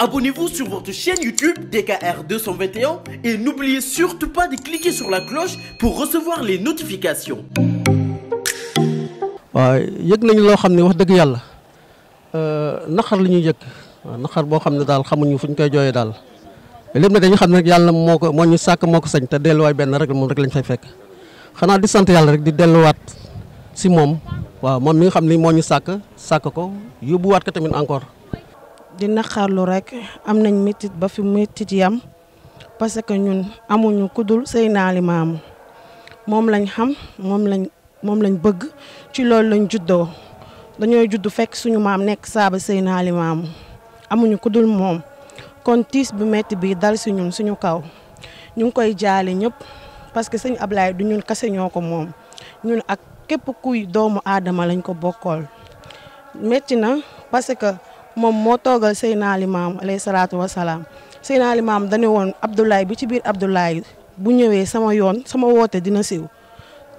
Abonnez-vous sur votre chaîne YouTube DKR 221 et n'oubliez surtout pas de cliquer sur la cloche pour recevoir les notifications. waaw yëg nañu loo xam ne wax dëgg yàlla euh, naqar li ñuy yëg naqar boo xam ne daal xamuñu fu ñu koy jooyee daal lépp nag dañu xam ne rek yàlla moo ko moo ñu sàkk moo ko sañ te delluwaay benn rek moom rek lañ fay fekk xanaa di sant yàlla rek di delluwaat si moom waaw moom mi nga xam ne moo ñu sàkk sàkk ko yóbbuwaat ko tamit encore. di naqarlu rek am nañ métit ba fi métit yam parce que ñun amuñu kudul Seydina Limaamu moom lañ xam moom lañ moom lañ bëgg ci loolu lañ juddoo dañooy juddu fekk suñu maam nekk saaba Seydina Limaamu amuñu kudul moom kon tiis bu métti bi dal si ñun suñu kaw ñu ngi koy jaale ñëpp parce que sëñ Ablaye du ñun kase ñoo ko moom ñun ak képp kuy doomu aadama lañ ko bokkool métti na parce moom moo toogal Seydina Limaamu alayhi salaatu wa salaam Seydina Limaamu dañu woon Abdoulaye bi ci biir Abdoulaye bu ñëwee sama yoon sama woote dina siiw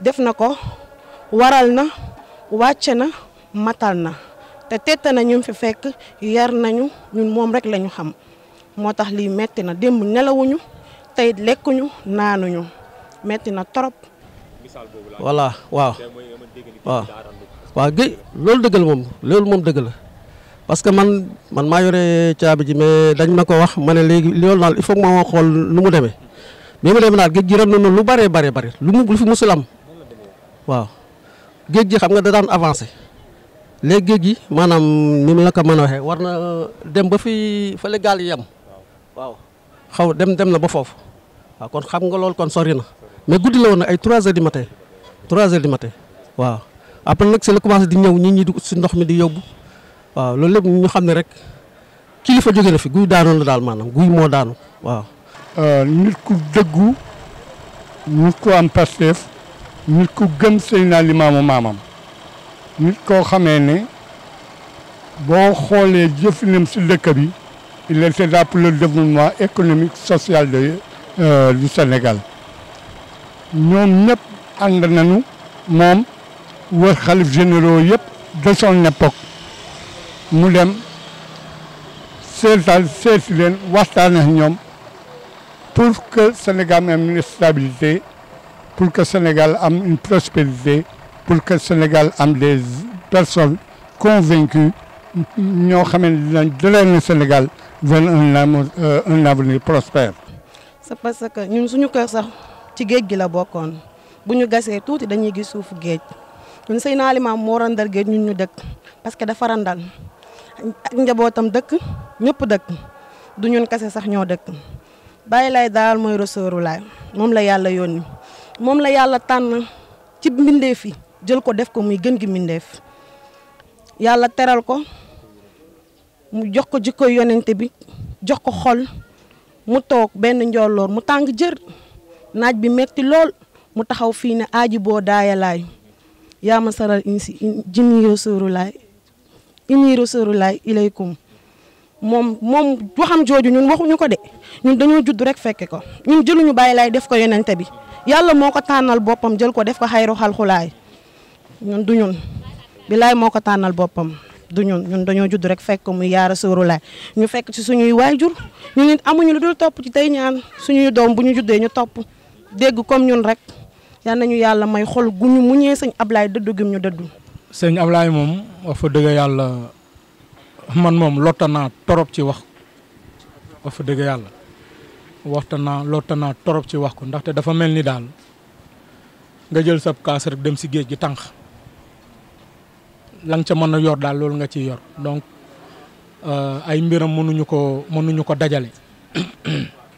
def na ko waral na wàcce na matal na te tette na ñu fi fekk yar nañu ñun moom rek lañu xam moo tax lii metti na démb nelawuñu tey lekkuñu naanuñu metti na torop voilà waaw waaw waaw loolu dëgg moom loolu moom dëgg la. parce que man man maa yore caabi ji mais dañ ma ko wax ma ne léegi loolu daal il faut que ma xool lu mu demee mais mu demee daal géej gi ram na lu bëree bëri bëri lu mu lu fi musul am waaw géej gi xam nga dadaan daan avancé léegi gi maanaam ni mu la ko mën a waxee war na dem ba fi fële gaal yi yem waaw xaw dem dem na ba foofu waaw kon xam nga loolu kon sori na mais guddi la woon ay 3 heures du matin 3 heures du matin waaw après nag si la commencé di ñëw nit ñi di si ndox mi di yóbbu. waaw loolu lépp ñu xam ne rek kilifa jóge na fi guy daanoon la daal maanaam guy moo daanu waaw. Euh, nit ku dëggu nit ku am pasteef nit ku gëm Seydina Limaamu maamam nit koo xamee ne boo xoolee jëfinam si dëkk bi il était là pour le développement économique social de euh, du Sénégal ñoom ñëpp ànd nañu moom wër xalif généraux yëpp de son mu dem seetal seet waxtaane leen ak ñoom pour que Sénégal am une stabilité pour que Sénégal am une prospérité pour que Sénégal am des personnes convaincues ñoo xam ne dinañ dalalee Sénégal vers euh, un avenir prospère. c'est parce que ñun suñu kër sax ci géej gi la bokkoon bu ñu gasee tuuti dañuy gis suufu géej ñun Seydina Limaamu moo randal géej ñun ñu dëkk parce que dafa randal. ak njabootam dëkk ñëpp dëkk du ñun kese sax ñoo dëkk bàyyi laay daal mooy resooru moom la yàlla yónni moom la yàlla tànn ci mbindeef fi jël ko def ko muy gën gi mbindeef yàlla teral ko mu jox ko jikko yonente bi jox ko xol mu toog benn njolloor mu tàng jër naaj bi metti lool mu taxaw fii ne aaji boo daayalaay yaa ma saral insi jinni inni rasulullah ilaykum moom moom waxam jooju ñun waxuñu ko de ñun dañoo judd rek fekke ko ñun jëluñu bàyyi laay def ko yonente bi yàlla moo ko tànnal boppam jël ko def ko xayru xalxulaay ñun du ñun bilaay moo ko tànnal boppam du ñun ñun dañoo judd rek fekk muy yaa ñu fekk ci suñuy waajur ñu amuñu lu dul topp ci tey ñaan suñuy doom bu ñu juddee ñu topp dégg comme ñun rek yal nañu yàlla may xol guñu muñee sëñ Ablaay dëddu gim ñu dëddu sëñ Ablaye moom wax fa dëgg yàlla man moom lotta naa torop ci wax wax fa dëgg yàlla waxta naa lotta naa torop ci wax ko ndaxte dafa mel ni daal nga jël sab kaas rek dem si géej gi tànq la ca mën a yor daal loolu nga ciy yor donc euh, ay mbiram mënuñu ko mënuñu ko dajale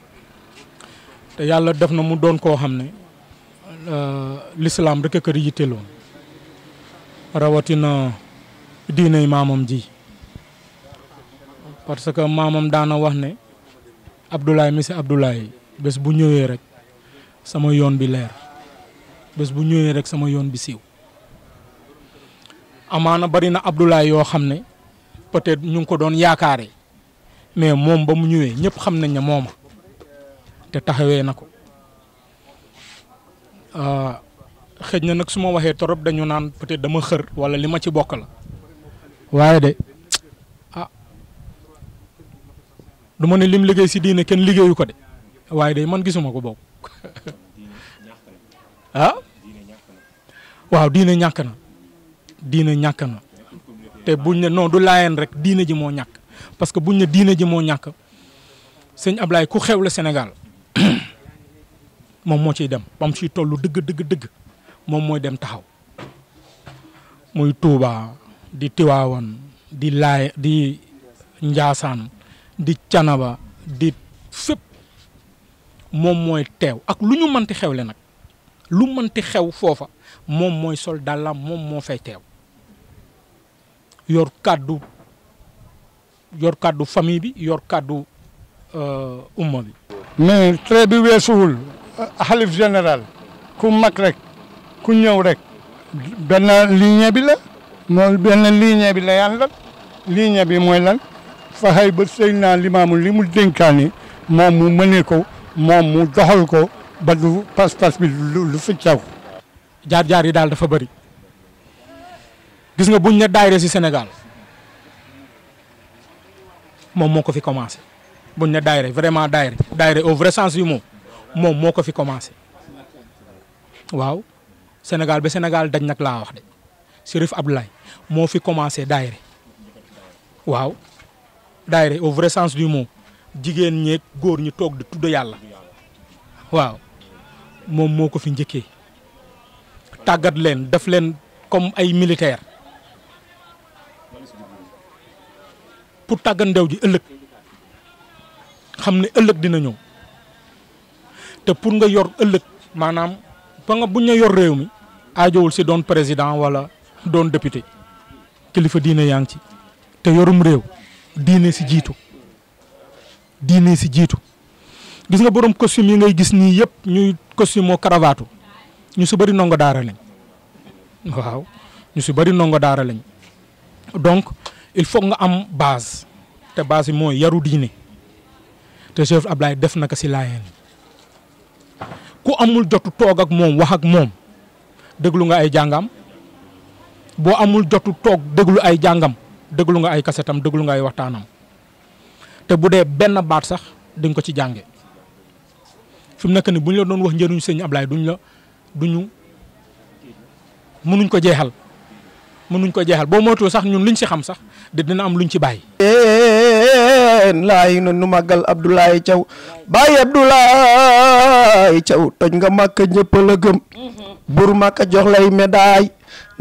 te yàlla def na mu doon koo xam ne euh, lislaam rek a kër yitteeloon rawatina diiney maamam ji parce que maamam daana wax ne Abdoulaye mi si Abdoulaye bés bu ñëwee rek sama yoon bi leer bés bu ñëwee rek sama yoon bi siiw amaana bari na Abdoulaye yoo xam ne peut-être ñu ngi ko doon yaakaare mais moom ba mu ñëwee ñëpp xam nañ ne mooma te taxawee na ko. Ah, xëj na nag su ma waxee trop dañu naan peut dama xër wala li ma ci bokk la waaye de ah du ma ne lim liggéey si diine kenn liggéeyu ko de waaye de man gisuma ko bokk ah waaw diine ñàkk na diine ñàkk na te buñ ne non du laayeen rek diine ji moo ñàkk parce que buñ ne diine ji moo ñàkk sëñ Ablaye ku xew la Sénégal moom moo ciy dem ba mu ciy toll dëgg dëgg dëgg. moom mooy dem taxaw muy Touba di Tiwaawan di laay di Njaasaan di Canaba di sëp moom mooy teew ak lu ñu mënti xewle nag lu mënti xew foofa moom mooy sol dàllam moom moo fay teew yor kàddu yor kàddu famille bi yor kàddu euh, umma bi mais trait bi weesuwul xalif général ku mag rek ku ñëw rek benn ligne bi la moom benn ligne bi la yàlla ligne bi mooy lan faxay ba sëy naa limaamu li mu dénkaani moom mu mëne ko moom mu doxal ko ba du pas bi lu fi caw jaar-jaar yi daal dafa bari gis nga buñ ne daayira si senegal moom moo ko fi commencé buñ ne daayira vraiment daayira daayira au vrai sens moom moo ko fi commencé waaw Sénégal ba Sénégal dañ nag laa wax de Chérif Abdoulaye moo fi commencé daayre waaw daayre au vrai sens du mot jigéen ñeeg góor ñi toog di tudd yàlla waaw moom moo ko fi njëkkee tàggat leen def leen comme ay militaire pour tàggat ndew ji ëllëg xam ne ëllëg dina ñëw te pour nga yor ëllëg maanaam. ba nga buñ ñu yor réew mi aajowul si doon président wala doon député kilifa diine yaa ci te yorum réew diine si jiitu diine si jiitu gis nga borom costume yi ngay gis nii yëpp ñuy costume moo karavaatu ñu si bëri ndongo daara lañ waaw ñu si bëri ndongo daara lañ donc il faut nga am base te base yi mooy yaru diine te chef Ablaye def na ko si laayeen ku amul jotu toog ak moom wax ak moom déglu nga ay jàngam boo amul jotu toog déglu ay jàngam déglu nga ay kasetam déglu nga ay waxtaanam te bu dee benn baat sax di ko ci jànge fi mu nekk ni bu ñu la doon wax njëriñu sëñ ablaay duñ la duñu nuñ ko jeexal nuñ ko jeexal boo moytuwul sax ñun liñ si xam sax di dina am luñ ci bàyyi. Eh, eh, leen laay nu màggal Abdoulaye Thiaw Baye Abdoulaye Thiaw toj nga màkka ñëpp la gëm bur màkka jox lay médaille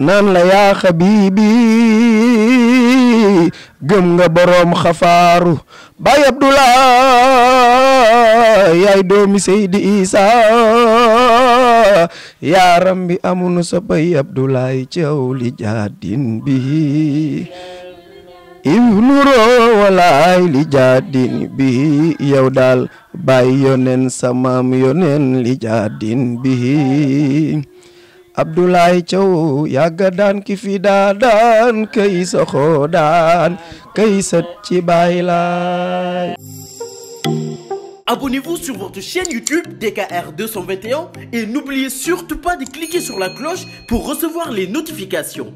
naan la yaa xabibi gëm nga boroom xafaaru Baye Abdoulaye yaay doomi Seydi Isa yaaram bi amu sa bay Abdoulaye Thiaw li jaadin bi ibnuroo walaay li jaadin bi yow daal bàyyi yonen samaam yonen li jaadin bi abdoulaye thiaw yàgga daan ki fi daa daan ci bàyyi Abonnez-vous sur votre chaîne YouTube DKR et n'oubliez surtout pas de cliquer sur la cloche pour recevoir les notifications